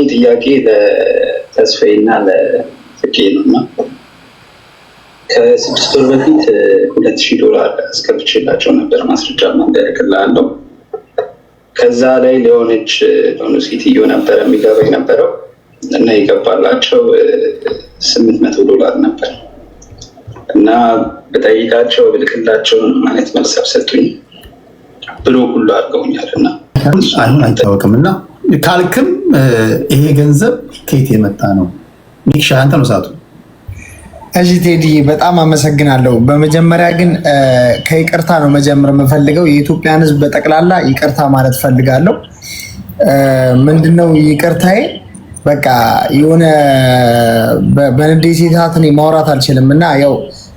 ይህን ጥያቄ ለተስፋዬ እና ለፍቄ ነው እና ከስድስት ወር በፊት ሁለት ሺህ ዶላር አስገብቼላቸው ነበር ማስረጃ ማንደረግላለው። ከዛ ላይ ሊሆነች ሆኑ ሴትዮ ነበረ የሚገባ ነበረው እና የገባላቸው ስምንት መቶ ዶላር ነበር እና በጠይቃቸው ብልክላቸው ማለት መልስ አልሰጡኝ ብሎ ሁሉ አድርገውኛል እና አሁን አይታወቅም እና ካልክም ይሄ ገንዘብ ከየት የመጣ ነው? ሚሻ አንተ ነው ሰዓቱ። እሺ ቴዲ በጣም አመሰግናለሁ። በመጀመሪያ ግን ከይቅርታ ነው መጀመር የምፈልገው። የኢትዮጵያን ሕዝብ በጠቅላላ ይቅርታ ማለት ፈልጋለሁ። ምንድነው ይቅርታዬ? በቃ የሆነ በንዴት እኔ ማውራት አልችልም እና ያው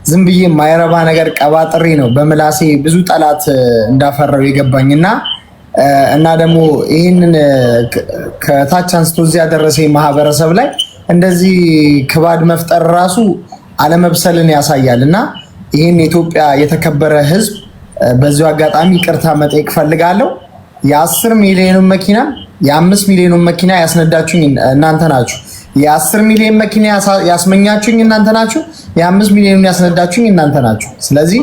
ዝም ብዬ ማይረባ ነገር ቀባጥሬ ነው በምላሴ ብዙ ጠላት እንዳፈራው የገባኝ እና እና ደግሞ ይህንን ከታች አንስቶ እዚህ ያደረሰ ማህበረሰብ ላይ እንደዚህ ክባድ መፍጠር ራሱ አለመብሰልን ያሳያል። እና ይህን የኢትዮጵያ የተከበረ ህዝብ በዚሁ አጋጣሚ ቅርታ መጠየቅ ፈልጋለሁ። የአስር ሚሊዮኑን መኪና የአምስት ሚሊዮኑን መኪና ያስነዳችሁኝ እናንተ ናችሁ። የአስር ሚሊዮን መኪና ያስመኛችሁኝ እናንተ ናችሁ። የአምስት ሚሊዮኑን ያስነዳችሁኝ እናንተ ናችሁ። ስለዚህ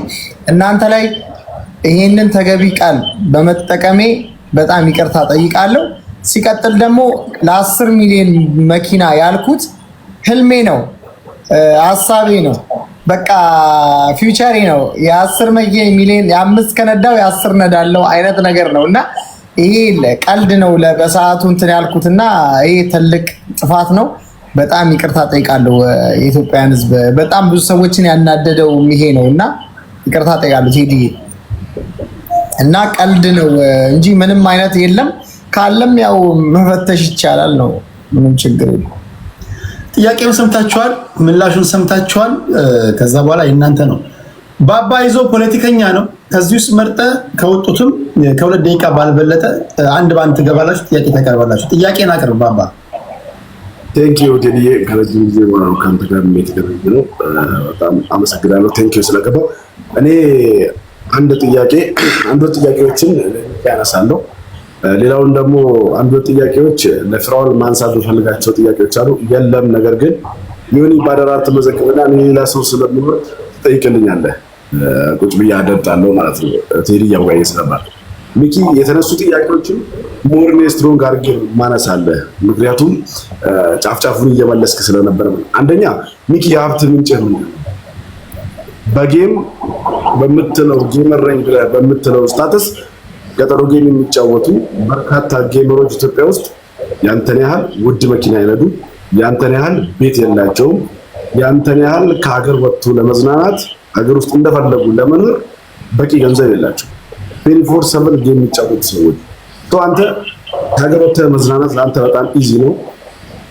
እናንተ ላይ ይሄንን ተገቢ ቃል በመጠቀሜ በጣም ይቅርታ ጠይቃለሁ። ሲቀጥል ደግሞ ለአስር ሚሊዮን መኪና ያልኩት ህልሜ ነው፣ ሀሳቤ ነው፣ በቃ ፊውቸሬ ነው። የአስር ሚሊዮን የአምስት ከነዳው የአስር ነዳለው አይነት ነገር ነው እና ይሄ ቀልድ ነው በሰዓቱ እንትን ያልኩት እና ይሄ ትልቅ ጥፋት ነው። በጣም ይቅርታ ጠይቃለሁ። የኢትዮጵያን ህዝብ በጣም ብዙ ሰዎችን ያናደደው ይሄ ነው እና ይቅርታ ጠይቃለሁ ቴዲ እና ቀልድ ነው እንጂ ምንም አይነት የለም። ካለም ያው መፈተሽ ይቻላል ነው። ምንም ችግር የለም። ጥያቄውን ሰምታችኋል፣ ምላሹን ሰምታችኋል። ከዛ በኋላ የእናንተ ነው። ባባ ይዞ ፖለቲከኛ ነው። ከዚህ ውስጥ መርጠ ከወጡትም ከሁለት ደቂቃ ባልበለጠ አንድ በአንድ ትገባላችሁ፣ ጥያቄ ታቀርባላችሁ። ጥያቄን አቅርብ ባባ። ቴንኪ ወደንዬ ከረጅም ጊዜ በኋላ ከአንተ ጋር የተገናኘ ነው። በጣም አመሰግናለሁ። ቴንኪ ስለገባው እኔ አንድ ጥያቄ አንድ ጥያቄዎችን ያነሳለሁ። ሌላውን ደግሞ አንድ ጥያቄዎች ለፍራውል ማንሳት የምፈልጋቸው ጥያቄዎች አሉ። የለም ነገር ግን ዮኒ ባደራት ተመዘግበና ሌላ ሰው ስለሚኖር ትጠይቅልኛለህ። ቁጭ ብዬ አደምጣለሁ ማለት ነው። ቴዲ እያወያየ ስለማል ሚኪ የተነሱ ጥያቄዎችን ሞርኔ ስትሮንግ አድርጌ ማነሳለህ። ምክንያቱም ጫፍጫፉን እየመለስክ ስለነበረ አንደኛ ሚኪ የሀብት ምንጭ ነው? በጌም በምትለው ጌመረኝ ብለ በምትለው ስታተስ ገጠሮ ጌም የሚጫወቱ በርካታ ጌመሮች ኢትዮጵያ ውስጥ ያንተን ያህል ውድ መኪና አይነዱ፣ ያንተን ያህል ቤት የላቸውም፣ ያንተን ያህል ከሀገር ወጥቶ ለመዝናናት ሀገር ውስጥ እንደፈለጉ ለመኖር በቂ ገንዘብ የላቸው። ቴኒፎር ሰቨን ጌም የሚጫወቱ ሰዎች አንተ ከሀገር ወጥተ መዝናናት ለአንተ በጣም ኢዚ ነው።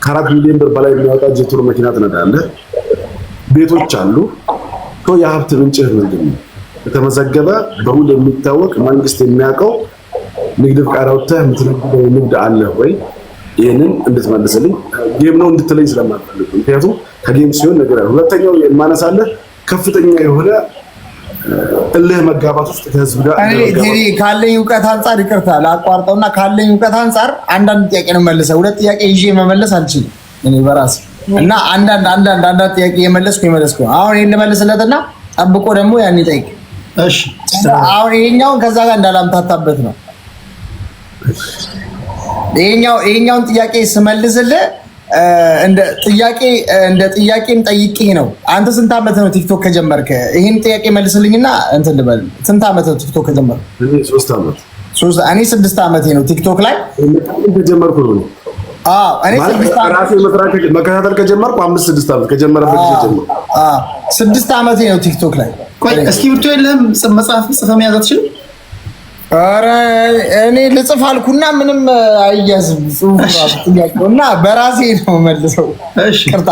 ከአራት ሚሊዮን ብር በላይ የሚያወጣ ጄቶር መኪና ትነዳለህ። ቤቶች አሉ። የሀብት ምንጭህ ምንድን ነው? የተመዘገበ በውል የሚታወቅ መንግስት የሚያውቀው ንግድ ፍቃድ አውጥተህ የምትነግደው ንግድ አለህ ወይ? ይህንን እንድትመልስልኝ ጌም ነው እንድትለኝ ስለማልፈልግ፣ ምክንያቱም ከጌም ሲሆን ነገር አለ። ሁለተኛው የማነሳለህ ከፍተኛ የሆነ እልህ መጋባት ውስጥ ከህዝብ ጋር ካለኝ እውቀት አንጻር ይቅርታ ላቋርጠውና ካለኝ እውቀት አንጻር አንዳንድ ጥያቄ ነው መልሰ ሁለት ጥያቄ ይዤ መመለስ አልችልም እኔ በራሴ እና አንዳንድ አንዳንድ አንዳንድ ጥያቄ የመለስኩ የመለስኩ አሁን ይሄን ልመልስለትና ጠብቆ ደግሞ ያን ይጠይቅ። እሺ አሁን ይሄኛውን ከዛ ጋር እንዳላምታታበት ነው። ይሄኛው ይሄኛውን ጥያቄ ስመልስልህ እንደ ጥያቄ እንደ ጥያቄም ጠይቄ ነው። አንተ ስንት ዓመት ነው ቲክቶክ ከጀመርክ? ይሄን ጥያቄ መልስልኝና እንትን ልበል። ስንት ዓመት ነው ቲክቶክ ከጀመርክ? እኔ 3 ዓመት 3 ዓመቴ ነው ቲክቶክ ላይ ከጀመርኩ ነው ራሴ መስራት መከታተል ከጀመርኩ አምስት ስድስት ዓመት ከጀመረበት ጊዜ ጀምሮ ስድስት ዓመቴ ነው ቲክቶክ ላይ። ቆይ እስክሪብቶ የለህም? መጽሐፍ ጽፈህ መያዝ አትችልም? ኧረ እኔ ልጽፍ አልኩና ምንም አያዝም ጽሁፍ እና በራሴ ነው መልሰው። ቅርታ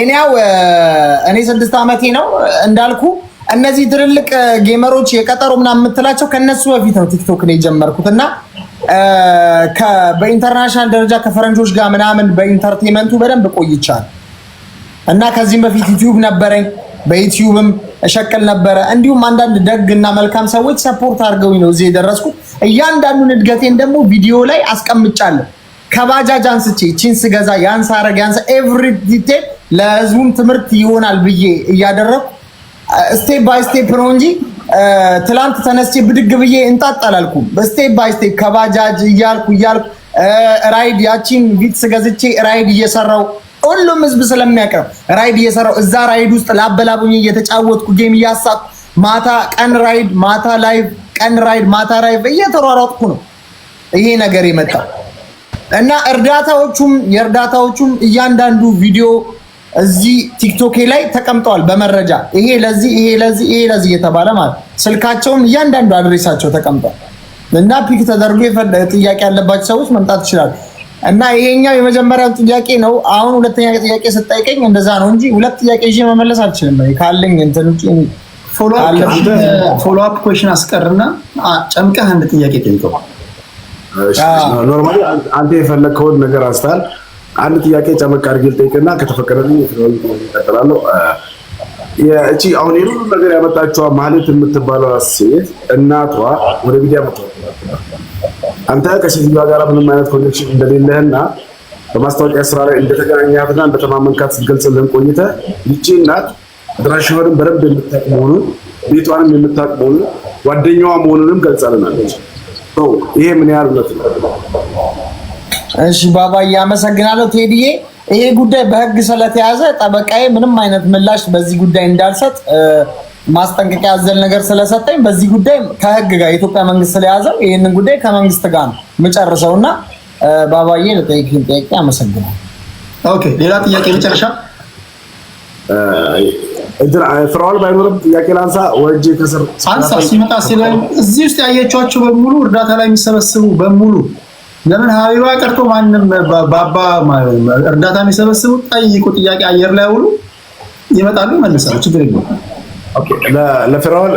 እኔያው እኔ ስድስት ዓመቴ ነው እንዳልኩ እነዚህ ትልልቅ ጌመሮች የቀጠሮ ምናምን የምትላቸው ከነሱ በፊት ነው ቲክቶክ ላይ የጀመርኩት እና በኢንተርናሽናል ደረጃ ከፈረንጆች ጋር ምናምን በኢንተርቴንመንቱ በደንብ ቆይቻል እና ከዚህም በፊት ዩቲዩብ ነበረኝ። በዩቲዩብም እሸቅል ነበረ። እንዲሁም አንዳንድ ደግ እና መልካም ሰዎች ሰፖርት አድርገውኝ ነው እዚህ የደረስኩት። እያንዳንዱን እድገቴን ደግሞ ቪዲዮ ላይ አስቀምጫለሁ። ከባጃጅ አንስቼ ቺን ስገዛ ያንሳ አረግ ያንሳ ኤቭሪ ዲቴል ለህዝቡም ትምህርት ይሆናል ብዬ እያደረኩ ስቴፕ ባይ ስቴፕ ነው እንጂ ትላንት ተነስቼ ብድግ ብዬ እንጣጥ አላልኩ። በስቴፕ ባይ ስቴፕ ከባጃጅ እያልኩ እያልኩ ራይድ ያቺን ቪትስ ገዝቼ ራይድ እየሰራው ሁሉም ህዝብ ስለሚያቀርብ ራይድ እየሰራው እዛ ራይድ ውስጥ ላበላቡኝ እየተጫወትኩ ጌም እያሳኩ ማታ ቀን ራይድ ማታ ላይቭ ቀን ራይድ ማታ ራይቭ እየተሯሯጥኩ ነው ይሄ ነገር የመጣው እና እርዳታዎቹም የእርዳታዎቹም እያንዳንዱ ቪዲዮ እዚህ ቲክቶኬ ላይ ተቀምጠዋል በመረጃ ይሄ ለዚህ ይሄ ለዚህ ይሄ ለዚህ እየተባለ ማለት ስልካቸውን እያንዳንዱ አድሬሳቸው ተቀምጧል እና ፒክ ተደርጎ ጥያቄ ያለባቸው ሰዎች መምጣት ይችላሉ። እና ይሄኛው የመጀመሪያው ጥያቄ ነው። አሁን ሁለተኛ ጥያቄ ስጠይቀኝ እንደዛ ነው እንጂ ሁለት ጥያቄ ይዤ መመለስ አልችልም ካለኝ እንትን ውጭ ፎሎ አፕ ኮሽን አስቀርና ጨምቀህ አንድ ጥያቄ ጠይቀው። ኖርማሊ አንተ የፈለግከውን ነገር አንስታል አንድ ጥያቄ ጨመቅ አድርጌ ልጠይቅና ከተፈቀደልኝ እቀጥላለሁ። እቺ አሁን የሁሉ ነገር ያመጣችዋ ማለት የምትባለው ሴት እናቷ ወደ ሚዲያ መጣ። አንተ ከሴትዮዋ ጋር ምንም አይነት ኮኔክሽን እንደሌለህና በማስታወቂያ ስራ ላይ እንደተገናኛትና እንደተማመንካት ስትገልጽልህን ቆይተ ይቺ እናት አድራሻዋንም በደንብ የምታውቅ መሆኑን ቤቷንም የምታውቅ መሆኑን ጓደኛዋ መሆኑንም ገልጻልናለች። ይሄ ምን ያህል እውነት ነው? እሺ ባባዬ አመሰግናለሁ። ቴዲዬ ይሄ ጉዳይ በህግ ስለተያዘ ጠበቃዬ ምንም አይነት ምላሽ በዚህ ጉዳይ እንዳልሰጥ ማስጠንቀቂያ አዘል ነገር ስለሰጠኝ በዚህ ጉዳይ ከህግ ጋር የኢትዮጵያ መንግስት ስለያዘው ይህንን ጉዳይ ከመንግስት ጋር ነው የምጨርሰው እና ባባዬ ለጠየቅሽኝ ጥያቄ አመሰግናለሁ። ኦኬ ሌላ ጥያቄ መጨረሻ ፍራውል ባይኖርም ጥያቄ ላንሳ ወጅ ከስር አንሳ ሲመጣ እዚህ ውስጥ ያየቻቸው በሙሉ እርዳታ ላይ የሚሰበስቡ በሙሉ ለምን ሀቢባ ቀርቶ ማንም ባባ እርዳታ የሚሰበስቡ ጠይቁ ጥያቄ አየር ላይ አውሉ ይመጣሉ ይመልሳሉ። ችግር የለውም። ለፍራኦል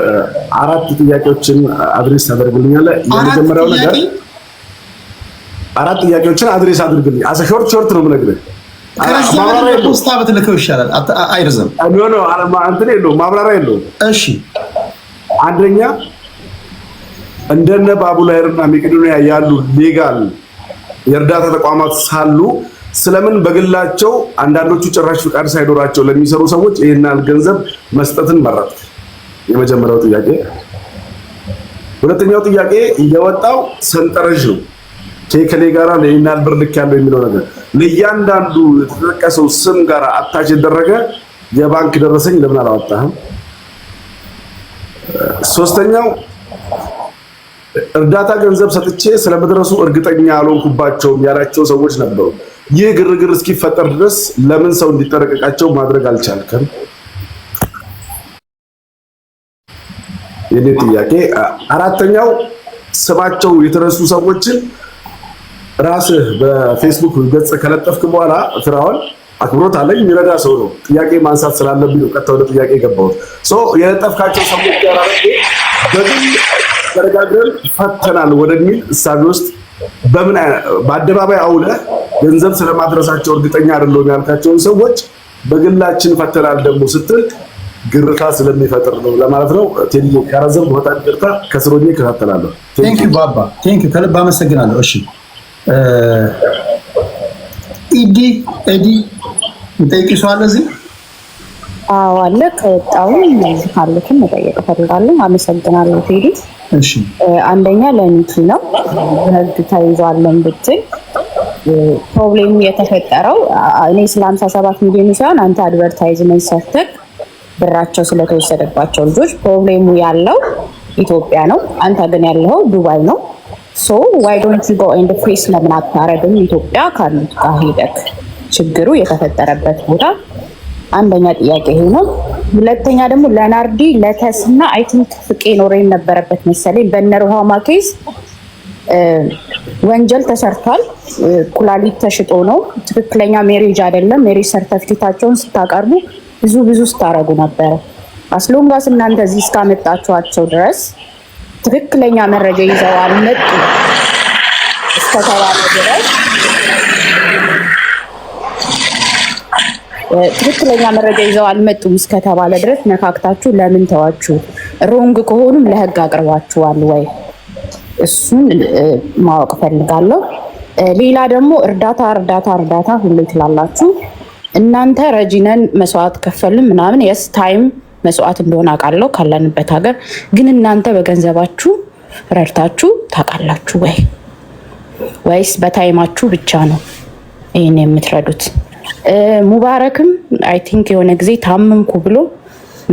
አራት ጥያቄዎችን አድሬስ ታደርግልኛለህ። የመጀመሪያው ነገር አራት ጥያቄዎችን አድሬስ አድርግልኝ። አሰ ሾርት ሾርት ነው የምነግርህ። ፖስታ ብትልከው ይሻላል፣ አይርዘም። ማብራሪያ የለውም። እሺ አንደኛ እንደነ ባቡላይርና መቄዶንያ ያሉ ሌጋል የእርዳታ ተቋማት ሳሉ ስለምን በግላቸው አንዳንዶቹ ጭራሽ ፍቃድ ሳይኖራቸው ለሚሰሩ ሰዎች ይህናል ገንዘብ መስጠትን መረጥ? የመጀመሪያው ጥያቄ። ሁለተኛው ጥያቄ የወጣው ሰንጠረዥ ነው። ከከሌ ለይናል ብር ልክ ያለው የሚለው ነገር ለእያንዳንዱ የተጠቀሰው ስም ጋር አታች የደረገ የባንክ ደረሰኝ ለምን አላወጣህም? ሶስተኛው እርዳታ ገንዘብ ሰጥቼ ስለመድረሱ እርግጠኛ አልሆንኩባቸውም ያላቸው ሰዎች ነበሩ። ይህ ግርግር እስኪፈጠር ድረስ ለምን ሰው እንዲጠረቀቃቸው ማድረግ አልቻልክም? የኔ ጥያቄ። አራተኛው ስማቸው የተነሱ ሰዎችን ራስህ በፌስቡክ ገጽ ከለጠፍክ በኋላ ፍራውን አክብሮት አለኝ የሚረዳ ሰው ነው። ጥያቄ ማንሳት ስላለብኝ ነው ቀጥታ ወደ ጥያቄ የገባሁት የለጠፍካቸው ሰዎች ጋር በግል ተረጋግረን ፈተናል ወደሚል እሳቤ ውስጥ በምን በአደባባይ አውለ ገንዘብ ስለማድረሳቸው እርግጠኛ አይደለሁም ያልካቸውን ሰዎች በግላችን ፈተናል ደግሞ ስትል ግርታ ስለሚፈጥር ነው ለማለት ነው። ቴዲ ያረዘም ቦታ ግርታ ከስሮ እከታተላለሁ። ቴንክ ዩ ባባ ቴንክ ዩ ከልብ አመሰግናለሁ። እሺ ኢዲ ኤዲ እንጠይቅሽ ሰው አለ እዚህ? አዎ አለ። ከወጣውን ካሉትን መጠየቅ እፈልጋለሁ። አመሰግናለሁ ቴዲ አንደኛ ለኒኪ ነው ህግ ተይዟለን ብትል ፕሮብሌሙ የተፈጠረው እኔ ስለ ሀምሳ ሰባት ሚሊዮን ሳይሆን አንተ አድቨርታይዝመንት ሰርተህ ብራቸው ስለተወሰደባቸው ልጆች ፕሮብሌሙ ያለው ኢትዮጵያ ነው። አንተ ግን ያለው ዱባይ ነው። ሶ ዋይ ዶንት ዩ ጎ ኤንድ ፌስ ለምን አታረግም? ኢትዮጵያ ካሉት ጋር ችግሩ የተፈጠረበት ቦታ አንደኛ ጥያቄ ይሄ ነው። ሁለተኛ ደግሞ ለናርዲ ለተስና አይ ቲንክ ፍቄ ኖሮ የነበረበት መሰለኝ በነሩሃማ ኬዝ ወንጀል ተሰርቷል። ኩላሊት ተሽጦ ነው። ትክክለኛ ሜሬጅ አይደለም። ሜሬጅ ሰርተፍኬታቸውን ስታቀርቡ ብዙ ብዙ ስታረጉ ነበረ። አስሎንጋስ እናንተ እዚህ እስካመጣችኋቸው ድረስ ትክክለኛ መረጃ ይዘው አልመጡ እስከተባለ ድረስ ትክክለኛ መረጃ ይዘው አልመጡም እስከተባለ ድረስ ነካክታችሁ ለምን ተዋችሁ? ሮንግ ከሆኑም ለህግ አቅርባችኋል ወይ? እሱን ማወቅ ፈልጋለሁ። ሌላ ደግሞ እርዳታ እርዳታ እርዳታ ሁሉ ትላላችሁ እናንተ ረጂነን መስዋዕት ከፈልም ምናምን የስ ታይም መስዋዕት እንደሆነ አውቃለሁ ካለንበት ሀገር ግን እናንተ በገንዘባችሁ ረድታችሁ ታውቃላችሁ ወይ ወይስ በታይማችሁ ብቻ ነው ይህን የምትረዱት? ሙባረክም አይ ቲንክ የሆነ ጊዜ ታመምኩ ብሎ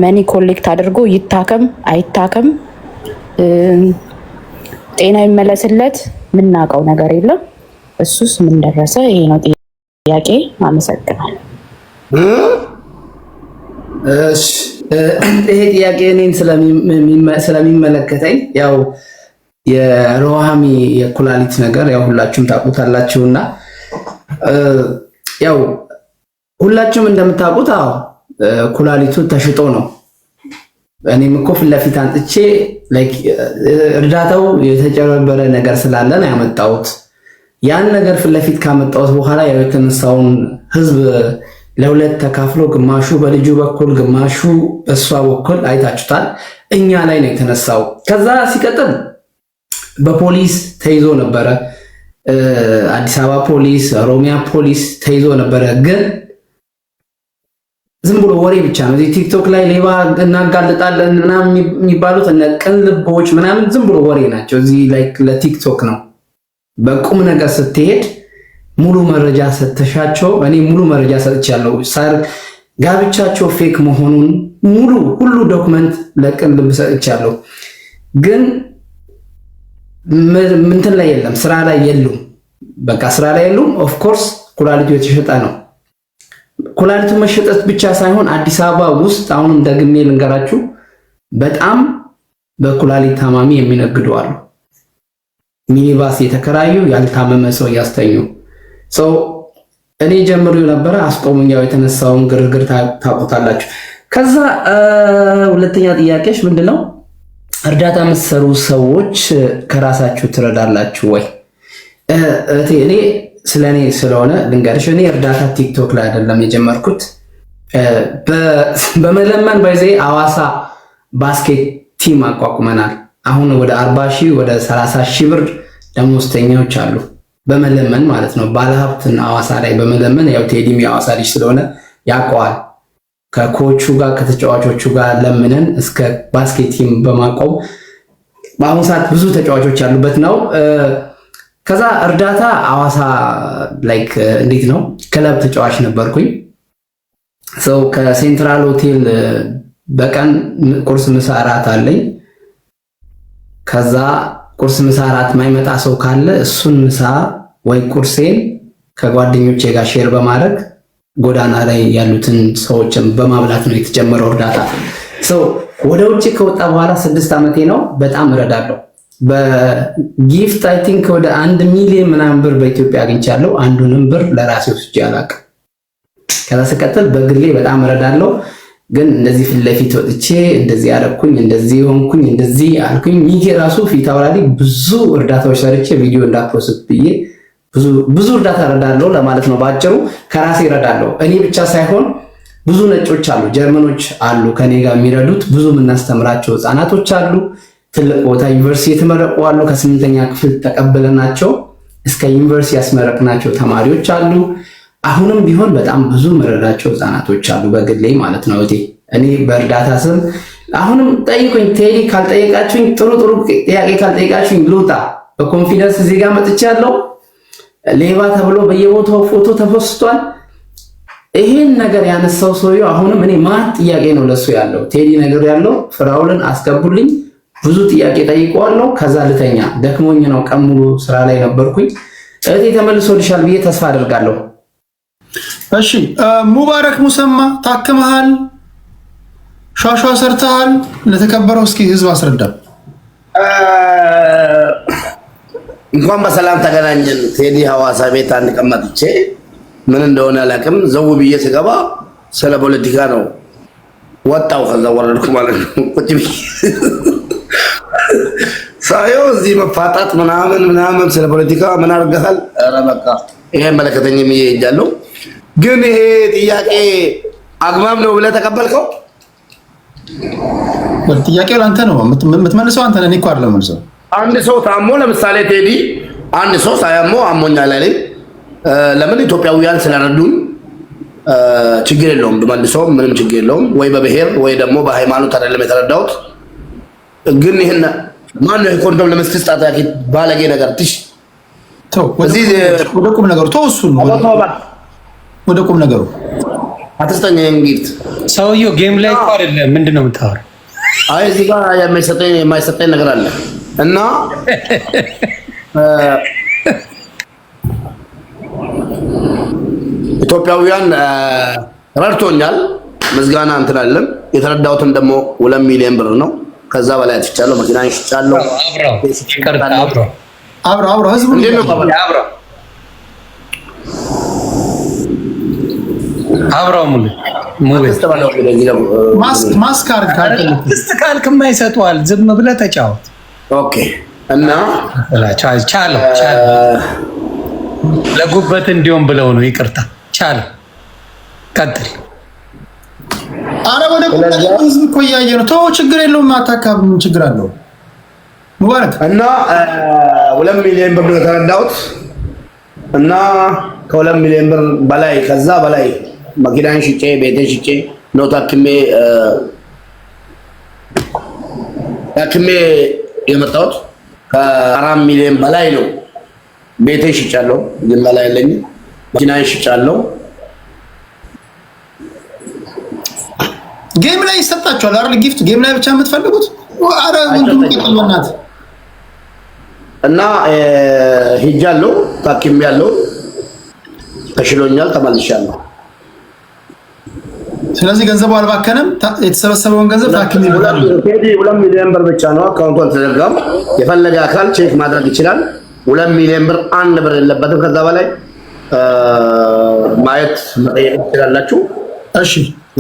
መኒ ኮሌክት አድርጎ ይታከም አይታከም ጤና ይመለስለት የምናውቀው ነገር የለም። እሱስ ምን ደረሰ? ይሄ ነው ጥያቄ። አመሰግናል። ይሄ ጥያቄ እኔን ስለሚመለከተኝ ያው የሮሃሚ የኩላሊት ነገር ያው ሁላችሁም ታቁታላችሁና። ያው ሁላችሁም እንደምታውቁት አዎ ኩላሊቱ ተሽጦ ነው። እኔም እኮ ፊት ለፊት አንጥቼ እርዳታው የተጨበረበረ ነገር ስላለን ያመጣሁት ያን ነገር ፊት ለፊት ካመጣሁት በኋላ የተነሳውን ህዝብ ለሁለት ተካፍሎ ግማሹ በልጁ በኩል ግማሹ እሷ በኩል አይታችሁታል። እኛ ላይ ነው የተነሳው። ከዛ ሲቀጥል በፖሊስ ተይዞ ነበረ። አዲስ አበባ ፖሊስ፣ ኦሮሚያ ፖሊስ ተይዞ ነበረ ግን ዝም ብሎ ወሬ ብቻ ነው። እዚህ ቲክቶክ ላይ ሌባ እናጋልጣለን ምናምን የሚባሉት እነ ቅን ልቦች ምናምን ዝም ብሎ ወሬ ናቸው። እዚህ ላይ ለቲክቶክ ነው። በቁም ነገር ስትሄድ ሙሉ መረጃ ሰተሻቸው። እኔ ሙሉ መረጃ ሰጥቻለሁ። ሳር ጋብቻቸው ፌክ መሆኑን ሙሉ ሁሉ ዶክመንት ለቅን ልብ ሰጥቻለሁ። ግን ምንትን ላይ የለም፣ ስራ ላይ የሉም። በቃ ስራ ላይ የሉም። ኦፍኮርስ ኩላሊቱ የተሸጠ ነው። ኩላሊቱ መሸጠት ብቻ ሳይሆን አዲስ አበባ ውስጥ አሁንም ደግሜ ልንገራችሁ በጣም በኩላሊት ታማሚ የሚነግዱ አሉ። ሚኒባስ የተከራዩ ያልታመመ ሰው እያስተኙ ሰው እኔ ጀምሩ ነበረ አስቆሙኛው። የተነሳውን ግርግር ታውቁታላችሁ። ከዛ ሁለተኛ ጥያቄሽ ምንድነው? እርዳታ የምትሰሩ ሰዎች ከራሳችሁ ትረዳላችሁ ወይ? እኔ ስለ እኔ ስለሆነ ልንገርሽ። እኔ እርዳታ ቲክቶክ ላይ አይደለም የጀመርኩት። በመለመን ባይዜ አዋሳ ባስኬት ቲም አቋቁመናል። አሁን ወደ 40 ሺህ ወደ ሰላሳ ሺህ ብር ደሞዝተኛዎች አሉ። በመለመን ማለት ነው። ባለሀብትን አዋሳ ላይ በመለመን ያው ቴዲም የአዋሳ ልጅ ስለሆነ ያውቀዋል። ከኮቹ ጋር ከተጫዋቾቹ ጋር ለምነን እስከ ባስኬት ቲም በማቆም በአሁኑ ሰዓት ብዙ ተጫዋቾች ያሉበት ነው። ከዛ እርዳታ አዋሳ ላይክ uh, እንዴት ነው ክለብ ተጫዋች ነበርኩኝ። ሰው ከሴንትራል ሆቴል uh, በቀን ቁርስ ምሳ እራት አለኝ። ከዛ ቁርስ ምሳ እራት ማይመጣ ሰው ካለ እሱን ምሳ ወይ ቁርሴን ከጓደኞቼ ጋር ሼር በማድረግ ጎዳና ላይ ያሉትን ሰዎችን በማብላት ነው የተጀመረው እርዳታ። ሰው ወደ ውጭ ከወጣ በኋላ ስድስት ዓመቴ ነው። በጣም እረዳለሁ። በጊፍት አይ ቲንክ ወደ አንድ ሚሊዮን ምናምን ብር በኢትዮጵያ አግኝቻለሁ። አንዱንም ብር ለራሴ ውስጥ አላውቅም። ከዛ ስቀጥል በግሌ በጣም እረዳለሁ፣ ግን እንደዚህ ፊት ለፊት ወጥቼ እንደዚህ አደረኩኝ፣ እንደዚህ ሆንኩኝ፣ እንደዚህ አልኩኝ። ሚጌ ራሱ ፊት አውራሪ ብዙ እርዳታዎች ሰርቼ ቪዲዮ እንዳፖስት ብዬ ብዙ እርዳታ እረዳለሁ ለማለት ነው በአጭሩ። ከራሴ እረዳለሁ እኔ ብቻ ሳይሆን ብዙ ነጮች አሉ፣ ጀርመኖች አሉ ከኔ ጋር የሚረዱት ብዙ የምናስተምራቸው ህፃናቶች አሉ ትልቅ ቦታ ዩኒቨርሲቲ የተመረቁ አሉ። ከስምንተኛ ክፍል ተቀበለናቸው እስከ ዩኒቨርሲቲ ያስመረቅናቸው ተማሪዎች አሉ። አሁንም ቢሆን በጣም ብዙ መረዳቸው ህጻናቶች አሉ፣ በግሌ ማለት ነው። እቴ እኔ በእርዳታ ስም አሁንም ጠይቁኝ። ቴዲ ካልጠየቃችሁኝ፣ ጥሩ ጥሩ ጥያቄ ካልጠየቃችሁኝ ልውጣ። በኮንፊደንስ እዚህ ጋር ያለው ሌባ ተብሎ በየቦታው ፎቶ ተፈስቷል። ይሄን ነገር ያነሳው ሰውየው አሁንም እኔ ማት ጥያቄ ነው ለሱ ያለው ቴዲ ነገር ያለው ፍራውልን አስገቡልኝ ብዙ ጥያቄ ጠይቀዋለሁ። ከዛ ልተኛ ደክሞኝ ነው፣ ቀን ሙሉ ስራ ላይ ነበርኩኝ። እህቴ ተመልሶልሻል ብዬ ተስፋ አደርጋለሁ። እሺ ሙባረክ ሙሰማ ታክመሃል፣ ሿሿ ሰርተሃል። ለተከበረው እስኪ ህዝብ አስረዳም። እንኳን በሰላም ተገናኘን። ቴዲ ሐዋሳ ቤት አንድ ቀን መጥቼ ምን እንደሆነ አላውቅም። ዘው ብዬ ስገባ ስለ ፖለቲካ ነው ወጣው። ከዛ ወረድኩ ማለት ነው ቁጭ ሳየው እዚህ መፋጣት ምናምን ምናምን ስለ ፖለቲካ ምን አድርገሃል? ኧረ በቃ ይሄ መለከተኝ ብዬ ሄጃለሁ። ግን ይሄ ጥያቄ አግባብ ነው ብለህ ተቀበልከው? ጥያቄው ለአንተ ነው የምትመልሰው፣ አንተ ነህ። እኔ እኮ አይደለም መልሰው። አንድ ሰው ታሞ ለምሳሌ ቴዲ፣ አንድ ሰው ሳያሞ አሞኛል አለኝ። ለምን ኢትዮጵያውያን ስለረዱን ችግር የለውም ብመልሰውም ምንም ችግር የለውም። ወይ በብሔር ወይ ደግሞ በሃይማኖት አይደለም የተረዳሁት ግን ይሄን ማነው ኮንዶም ለመስጠት ጣጣቂ ባለጌ ነገር ትሽ ተው። ወደ ቁም ነገሩ ተው። እሱን ነው ወደ ቁም ነገሩ አትስጠኝ። እንግዲህ ሰውዬው ጌም ላይ እኮ አይደለም። ምንድን ነው የምታወራው? አይ እዚህ ጋር የማይሰጠኝ የማይሰጠኝ ነገር አለ እና ኢትዮጵያውያን ረድቶኛል። ምዝጋና እንትን አለን። የተረዳሁትን ደግሞ ሁለት ሚሊዮን ብር ነው ከዛ በላይ አጥፍቻለሁ። መኪና ሽጫለሁ። አብረው አብረው ህዝቡ አብረው ሙሉ ካልክ የማይሰጡሃል። ዝም ብለህ ተጫወት። ኦኬ እና ቻለው ለጉበት እንዲሆን ብለው ነው። ይቅርታ ቀጥል አረ ወደ ህዝብ እኮ እያየ ነው። ተው ችግር የለውም። አታካብ ምን ችግር አለው? ሙባረክ እና ሁለት ሚሊዮን ብር የተረዳሁት እና ከሁለት ሚሊዮን ብር በላይ ከዛ በላይ መኪናን ሽጬ ቤቴን ሽጬ ነው ታክሜ ታክሜ የመጣሁት ከአራት ሚሊዮን በላይ ነው። ቤቴን ሽጫለሁ፣ ግን በላይ የለኝም። መኪናን ሽጫለሁ ጌም ላይ ይሰጣችኋል አይደል? ጊፍት ጌም ላይ ብቻ የምትፈልጉት? አረ ወንድም ይቀጥልናት እና ሄጃለሁ፣ ታኪም ያለው ተሽሎኛል፣ ተመልሻለሁ። ስለዚህ ገንዘቡ አልባከንም። የተሰበሰበውን ገንዘብ ታኪም ይብላል። ሁለት ሚሊዮን ብር ብቻ ነው አካውንቱ አልተዘጋም። የፈለገ አካል ቼክ ማድረግ ይችላል። ሁለት ሚሊዮን ብር አንድ ብር የለበትም። ከዛ በላይ ማየት መጠየቅ ትችላላችሁ። እሺ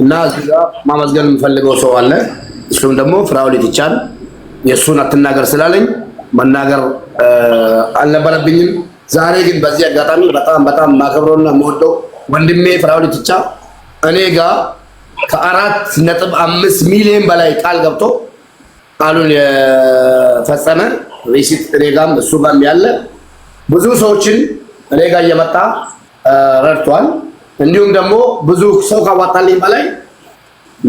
እና እዚህ ጋር ማመስገን የምፈልገው ሰው አለ። እሱም ደግሞ ፍራውሊት ይቻል የእሱን አትናገር ስላለኝ መናገር አልነበረብኝም። ዛሬ ግን በዚህ አጋጣሚ በጣም በጣም ማከብረውና መወደው ወንድሜ ፍራውሊት ይቻ እኔ ጋር ከአራት ነጥብ አምስት ሚሊዮን በላይ ቃል ገብቶ ቃሉን የፈጸመ ሪሲት እኔ ጋም እሱ ጋም ያለ ብዙ ሰዎችን እኔ ጋር እየመጣ ረድቷል። እንዲሁም ደግሞ ብዙ ሰው ካዋጣልኝ በላይ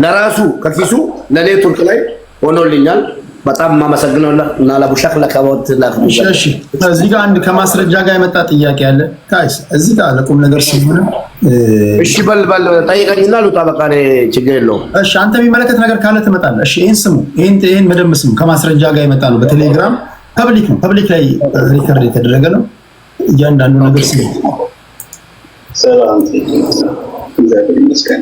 ለራሱ ከኪሱ ለኔ ቱርክ ላይ ሆኖልኛል። በጣም ማመሰግነው እና ለቡሻክ ለከቦት ለሽሽ እዚህ ጋር አንድ ከማስረጃ ጋር የመጣ ጥያቄ አለ። ታይስ እዚህ ጋር ለቁም ነገር ሲሆን እሺ በል በል ጠይቀኝና ልውጣ። በቃ ችግር የለውም። እሺ አንተ የሚመለከት ነገር ካለ ትመጣለህ። እሺ ይሄን ስሙ፣ ይሄን ይሄን በደንብ ስሙ። ከማስረጃ ጋር የመጣ ነው። በቴሌግራም ፐብሊክ ነው፣ ፐብሊክ ላይ ሪከርድ የተደረገ ነው። እያንዳንዱ ነገር ስሙ ሰላም እግዚአብሔር ይመስገን።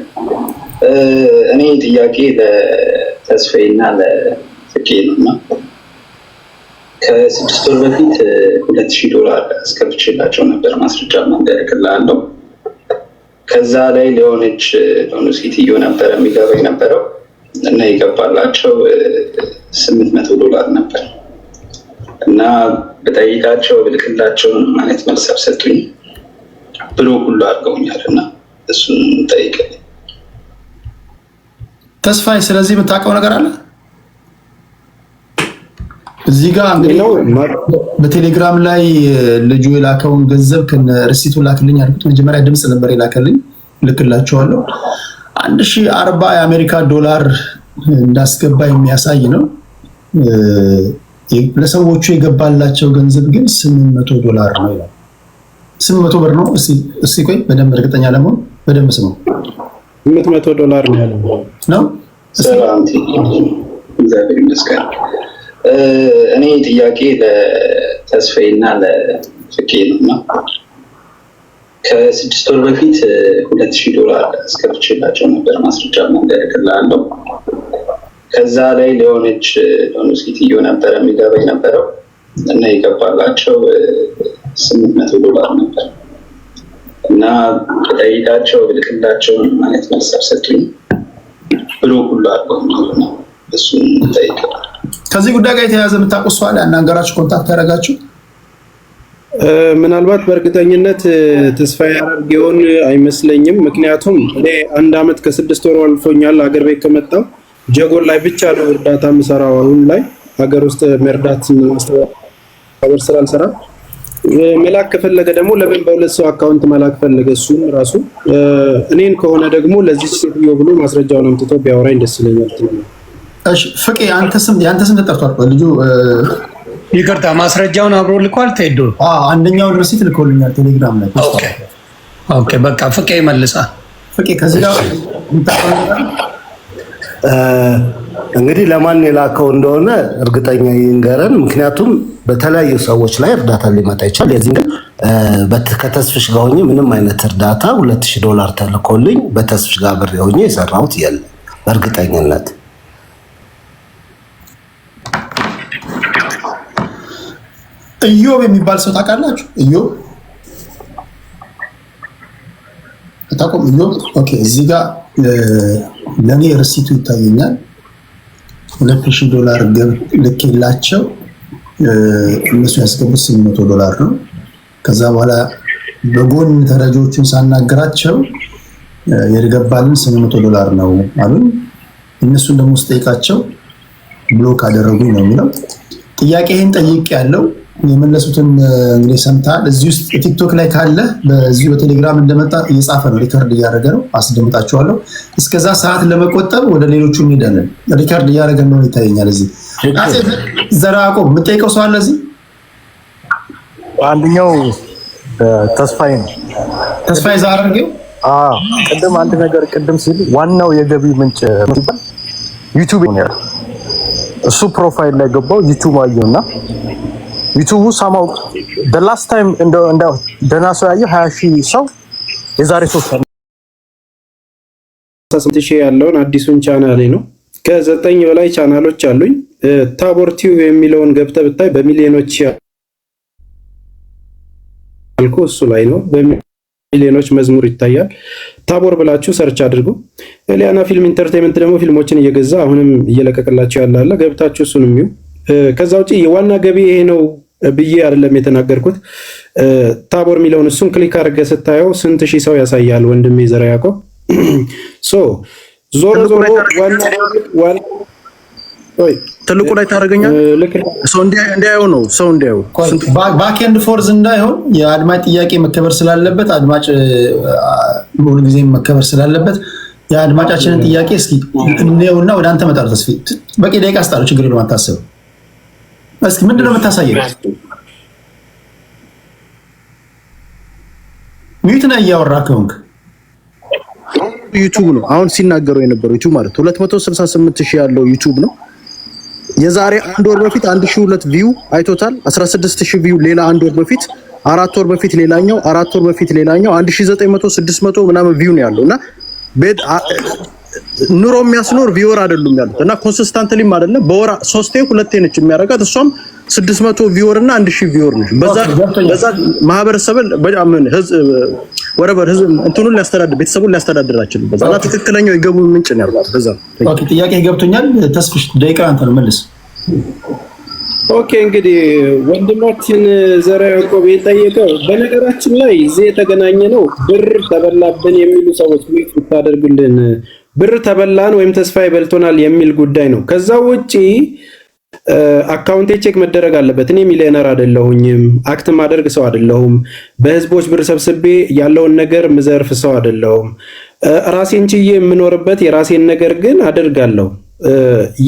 እኔ ጥያቄ ለተስፋዬና ለፍቄ ነው እና ከስድስት ወር በፊት ሁለት ሺህ ዶላር አስገብቼላቸው ነበር ማስረጃ ማንገለክላለው። ከዛ ላይ ሊሆነች ሆኑ ሴትዮ ነበረ የሚገባ የነበረው እና የገባላቸው ስምንት መቶ ዶላር ነበር እና በጠይቃቸው ብልክላቸውን ማለት መልስ አልሰጡኝም ብሎ ሁሉ አድርገውኛል እና እሱን ጠይቀኝ ተስፋዬ። ስለዚህ የምታውቀው ነገር አለ እዚህ ጋር እንግዲህ በቴሌግራም ላይ ልጁ የላከውን ገንዘብ ከነ ርሲቱ ላክልኝ አልኩት። መጀመሪያ ድምፅ ነበር የላከልኝ፣ ልክላቸዋለሁ። አንድ ሺ አርባ የአሜሪካ ዶላር እንዳስገባ የሚያሳይ ነው። ለሰዎቹ የገባላቸው ገንዘብ ግን ስምንት መቶ ዶላር ነው ይላል። ስምንት መቶ ብር ነው። እስቲ ቆይ በደንብ እርግጠኛ ለመሆን በደንብ ስሙ። ስምንት መቶ ዶላር ነው ያለው ነው። እግዚአብሔር ይመስገን። እኔ ጥያቄ ለተስፋዬና ለፍቄ ነው እና ከስድስት ወር በፊት ሁለት ሺህ ዶላር አስገብቼላቸው ነበር ማስረጃ መንገድ ክላለው ከዛ ላይ ለሆነች ሆኑ ሴትዮ ነበረ የሚገባ ነበረው እና የገባላቸው ስምንት መቶ ዶላር ነበር እና ጠይቃቸው ልክላቸው ማለት መሰር ሰጡኝ ብሎ ሁሉ አድርገው ነው። እሱን ጠይቀው ከዚህ ጉዳይ ጋር የተያያዘ የምታውቁ ሰው አለ ያናገራችሁ ኮንታክት ያደረጋችሁ? ምናልባት በእርግጠኝነት ተስፋ ያደርገውን አይመስለኝም። ምክንያቱም እኔ አንድ አመት ከስድስት ወር አልፎኛል አገር ቤት ከመጣው ጀጎል ላይ ብቻ ነው እርዳታ የምሰራው። አሁን ላይ ሀገር ውስጥ መርዳት ስራ አልሰራም። መላክ ከፈለገ ደግሞ ለምን በሁለት ሰው አካውንት መላክ ፈለገ? እሱም ራሱ እኔን ከሆነ ደግሞ ለዚህ ሴትዮ ብሎ ማስረጃውን አምጥቶ ቢያወራኝ ደስ ይለኛል። እሺ ፍቄ፣ አንተ ስም ያንተ ስም ተጠርቷል። ልጁ ይቅርታ ማስረጃውን አብሮ ልኳል። ተሄዶ አንደኛውን ሪሲት ልኮልኛል ቴሌግራም ላይ። ኦኬ በቃ ፍቄ መልሳ። ፍቄ ከዚህ ጋር እንግዲህ ለማን የላከው እንደሆነ እርግጠኛ ይንገረን፣ ምክንያቱም በተለያዩ ሰዎች ላይ እርዳታ ሊመጣ ይችላል። የዚህ ግን ከተስፍሽ ጋር ሆኜ ምንም አይነት እርዳታ ሁለት ሺህ ዶላር ተልኮልኝ በተስፍሽ ጋር ብሬ ሆኜ የሰራሁት የለ በእርግጠኝነት እዮብ የሚባል ሰው ታውቃላችሁ? እዮብ ታቆም እዮብ ኦኬ፣ እዚህ ጋር ለእኔ ርሲቱ ይታየኛል። ሁለት ሺህ ዶላር ልኬላቸው እነሱ ያስገቡት ስምንት መቶ ዶላር ነው። ከዛ በኋላ በጎን ተረጂዎችን ሳናገራቸው የገባልን ስምንት መቶ ዶላር ነው አሉኝ። እነሱን ደግሞ ስጠይቃቸው ብሎክ አደረጉኝ ነው የሚለው ጥያቄህን ጠይቅ ያለው የመለሱትን እንግዲህ ሰምተሃል። እዚህ ውስጥ ቲክቶክ ላይ ካለ በዚሁ በቴሌግራም እንደመጣ እየጻፈ ነው፣ ሪከርድ እያደረገ ነው። አስደምጣችኋለሁ። እስከዛ ሰዓት ለመቆጠብ ወደ ሌሎቹ እንሄዳለን። ሪከርድ እያደረገ ነው ይታየኛል እዚህ ዘራቆ ያዕቆብ የምጠይቀው ሰው አለ እዚህ? አንደኛው ተስፋዬ ነው። ተስፋዬ ዛርጌው ቅድም አንድ ነገር ቅድም ሲል ዋናው የገቢ ምንጭ ዩቲዩብ ነው። እሱ ፕሮፋይል ላይ ገባው ዩቲዩብ አየውና ዩቲዩቡ ሳማው the ላስት ታይም እንደ እንደ ደህና ሰው ያየው 20000 ሰው የዛሬ 3 ሳምንት ያለውን አዲሱን ቻናሌ ነው። ከዘጠኝ በላይ ቻናሎች አሉኝ። ታቦር ቲዩብ የሚለውን ገብተህ ብታይ በሚሊዮኖች ያልኩ እሱ ላይ ነው። በሚሊዮኖች መዝሙር ይታያል። ታቦር ብላችሁ ሰርች አድርጉ። ኤሊያና ፊልም ኢንተርቴንመንት ደግሞ ፊልሞችን እየገዛ አሁንም እየለቀቀላቸው ያላለ ገብታችሁ እሱን የሚዩ። ከዛ ውጭ የዋና ገቢ ይሄ ነው ብዬ አይደለም የተናገርኩት። ታቦር የሚለውን እሱን ክሊክ አድርገ ስታየው ስንት ሺህ ሰው ያሳያል ወንድሜ ዘርዓ ያዕቆብ ዞሮ ዞሮ ትልቁ ላይ ታደርገኛል። ሰው እንዲያየው ነው ሰው እንዲያየው ባክኤንድ ፎርዝ እንዳይሆን የአድማጭ ጥያቄ መከበር ስላለበት አድማጭ ሁሉ ጊዜ መከበር ስላለበት የአድማጫችንን ጥያቄ እስኪ እንየውና ወደ አንተ መጣር ተስፊ በቂ ደቂቃ ስጣለው። ችግር ነው አታስብ። እስኪ ምንድን ነው የምታሳየው? ሚዩት ነህ እያወራ ከሆንክ ዩቱብ ነው አሁን ሲናገረው የነበረው ዩቱብ ማለት 268 ሺህ ያለው ዩቱብ ነው የዛሬ አንድ ወር በፊት 1002 ቪው አይቶታል። 16000 ቪው ሌላ አንድ ወር በፊት አራት ወር በፊት ሌላኛው አራት ወር በፊት ሌላኛው 1900 600 ምናምን ቪው ነው ያለው እና ቤት ኑሮ የሚያስኖር ቪወር አይደሉም ያሉት እና ኮንሲስታንትሊም አይደለም። በወር ሶስቴ ሁለቴ ነች የሚያደርጋት እሷም 600 ቪወር እና 1000 ቪወር ነች። በዛ በዛ ማህበረሰብ ወረበር ህዝብ እንትኑን ሊያስተዳድር ቤተሰቡን ሊያስተዳድር አይችልም። በዛ ላይ ትክክለኛው የገቡ ምንጭ ነው ያልኳት። በዛ ኦኬ፣ ጥያቄ ገብቶኛል። ተስፍሽ ደቂቃ አንተ ነው መልስ። ኦኬ፣ እንግዲህ ወንድማችን ዘራ ያቆብ የጠየቀው በነገራችን ላይ እዚህ የተገናኘ ነው። ብር ተበላብን የሚሉ ሰዎች ምንጭ ብታደርጉልን፣ ብር ተበላን ወይም ተስፋዬ በልቶናል የሚል ጉዳይ ነው። ከዛ ውጪ አካውንቴ ቼክ መደረግ አለበት። እኔ ሚሊዮነር አይደለሁኝም። አክት ማደርግ ሰው አይደለሁም። በህዝቦች ብር ሰብስቤ ያለውን ነገር ምዘርፍ ሰው አይደለሁም። ራሴን ችዬ የምኖርበት የራሴን ነገር ግን አደርጋለሁ።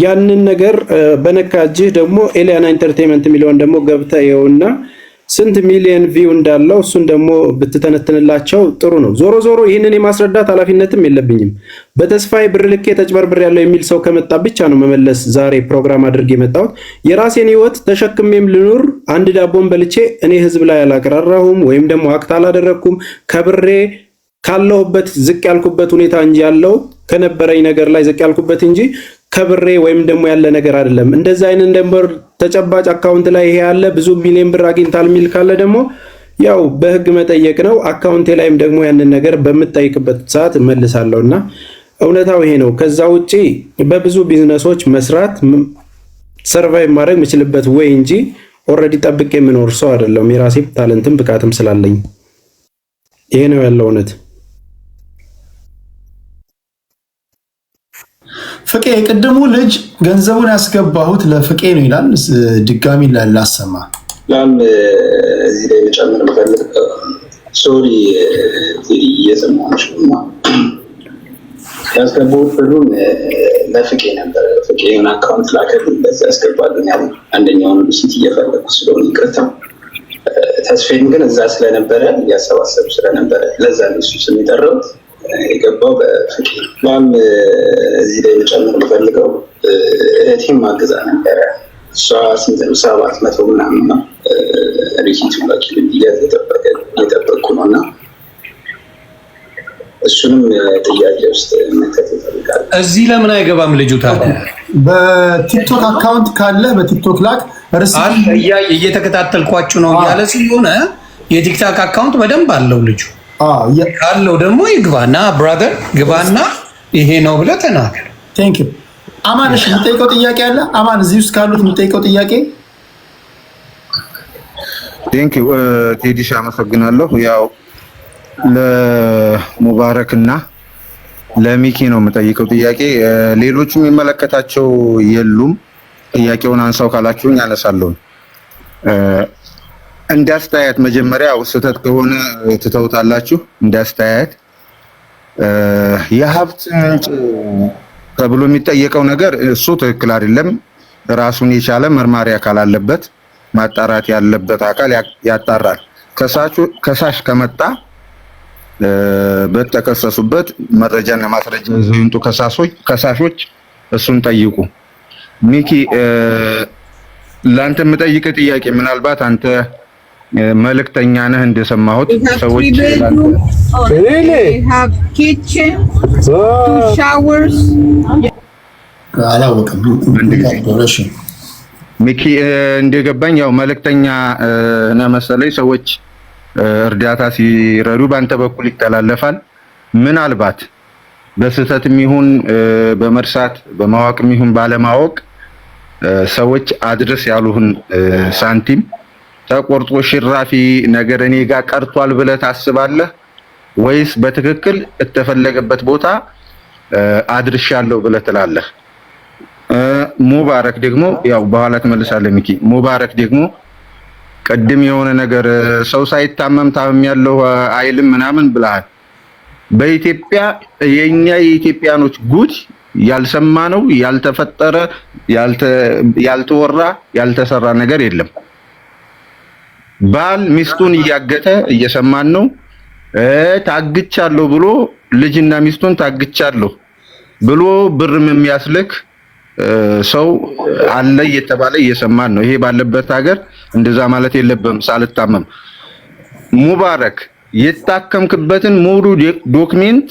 ያንን ነገር በነካ እጅህ ደግሞ ኤሊያና ኢንተርቴንመንት የሚለውን ደግሞ ገብተ ይኸውና ስንት ሚሊየን ቪው እንዳለው እሱን ደግሞ ብትተነትንላቸው ጥሩ ነው። ዞሮ ዞሮ ይህንን የማስረዳት ኃላፊነትም የለብኝም። በተስፋዬ ብር ልኬ ተጭበርብር ያለው የሚል ሰው ከመጣ ብቻ ነው መመለስ ዛሬ ፕሮግራም አድርጌ የመጣሁት። የራሴን ህይወት ተሸክሜም ልኑር። አንድ ዳቦን በልቼ እኔ ህዝብ ላይ አላቅራራሁም ወይም ደግሞ አክት አላደረግኩም። ከብሬ ካለሁበት ዝቅ ያልኩበት ሁኔታ እንጂ ያለው ከነበረኝ ነገር ላይ ዝቅ ያልኩበት እንጂ ከብሬ ወይም ደግሞ ያለ ነገር አይደለም። እንደዛ አይነት ደንበር ተጨባጭ አካውንት ላይ ይሄ ያለ ብዙ ሚሊዮን ብር አግኝታል የሚል ካለ ደግሞ ያው በህግ መጠየቅ ነው። አካውንቴ ላይም ደግሞ ያንን ነገር በምጠይቅበት ሰዓት እመልሳለሁ እና እውነታው ይሄ ነው። ከዛ ውጪ በብዙ ቢዝነሶች መስራት ሰርቫይቭ ማድረግ የምችልበት ወይ እንጂ ኦልሬዲ ጠብቄ የምኖር ሰው አይደለም። የራሴ ታለንትም ብቃትም ስላለኝ ይሄ ነው ያለው እውነት። ፍቄ የቅድሙ ልጅ ገንዘቡን ያስገባሁት ለፍቄ ነው ይላል። ድጋሚ ላሰማ ላም እዚህ ላይ መጨመር ሶሪ እየሰማች ያስገባሁት ብሩን ለፍቄ ፍቄ የሆነ አካውንት በዚ ያለ አንደኛውን ስለሆነ ይቅርታ። ግን እዛ ስለነበረ እያሰባሰብ ስለነበረ ለዛ ሱ ስም የጠራሁት የገባው በፍቅር ም እዚህ ላይ ልጨምር ፈልገው እህቴም ማገዛ ነበረ። እሷ ስንት ነው ሰባት መቶ ምናምን ነው ሪኪቱ ላኪል ብያት የጠበቅኩ ነው እና እሱንም ጥያቄ ውስጥ መከት ይፈልጋል። እዚህ ለምን አይገባም ልጁ ታዲያ? በቲክቶክ አካውንት ካለ በቲክቶክ ላክ እየተከታተልኳችሁ ነው እያለ ስለሆነ የቲክታክ አካውንት በደንብ አለው ልጁ ካለው ደግሞ ይግባና ብራዘር ግባና ይሄ ነው ብለህ ተናገር። አማን። እሺ የምጠይቀው ጥያቄ አለ አማን፣ እዚህ ውስጥ ካሉት የምጠይቀው ጥያቄ ቴንክ ዩ ቴዲሽ፣ አመሰግናለሁ። ያው እና ለሚኪ ነው የምጠይቀው ጥያቄ። ሌሎቹ የሚመለከታቸው የሉም። ጥያቄውን አንሳው ካላችሁኝ አነሳለሁ። እንደ አስተያየት መጀመሪያ ስህተት ከሆነ ትተውታላችሁ። እንደ አስተያየት የሀብት ምንጭ ተብሎ የሚጠየቀው ነገር እሱ ትክክል አይደለም። ራሱን የቻለ መርማሪ አካል አለበት። ማጣራት ያለበት አካል ያጣራል። ከሳሽ ከመጣ በተከሰሱበት መረጃና ማስረጃ ይዘው ይምጡ። ከሳሾች እሱን ጠይቁ። ሚኪ ላንተ የምጠይቅህ ጥያቄ ምናልባት አንተ መልእክተኛ ነህ እንደሰማሁት ሰዎች ah. ሚኪ እንደገባኝ ያው መልእክተኛ ነህ መሰለኝ። ሰዎች እርዳታ ሲረዱ በአንተ በኩል ይተላለፋል። ምናልባት በስህተትም የሚሆን በመርሳት በማወቅም ይሁን ባለማወቅ ሰዎች አድርስ ያሉህን ሳንቲም ተቆርጦ ሽራፊ ነገር እኔ ጋር ቀርቷል ብለህ ታስባለህ ወይስ በትክክል እተፈለገበት ቦታ አድርሻለሁ ብለህ ትላለህ? ሙባረክ ደግሞ ያው በኋላ ትመልሳለህ። ሚኪ ሙባረክ ደግሞ ቅድም የሆነ ነገር ሰው ሳይታመም ታመም ያለው አይልም ምናምን ብለሃል። በኢትዮጵያ የኛ የኢትዮጵያኖች ጉድ ያልሰማ ነው ያልተፈጠረ ያልተወራ ያልተሰራ ነገር የለም። ባል ሚስቱን እያገተ እየሰማን ነው። ታግቻለሁ ብሎ ልጅና ሚስቱን ታግቻለሁ ብሎ ብርም የሚያስልክ ሰው አለ እየተባለ እየሰማን ነው። ይሄ ባለበት ሀገር እንደዛ ማለት የለብህም። ሳልታመም ሙባረክ የታከምክበትን ሙሉ ዶክሜንት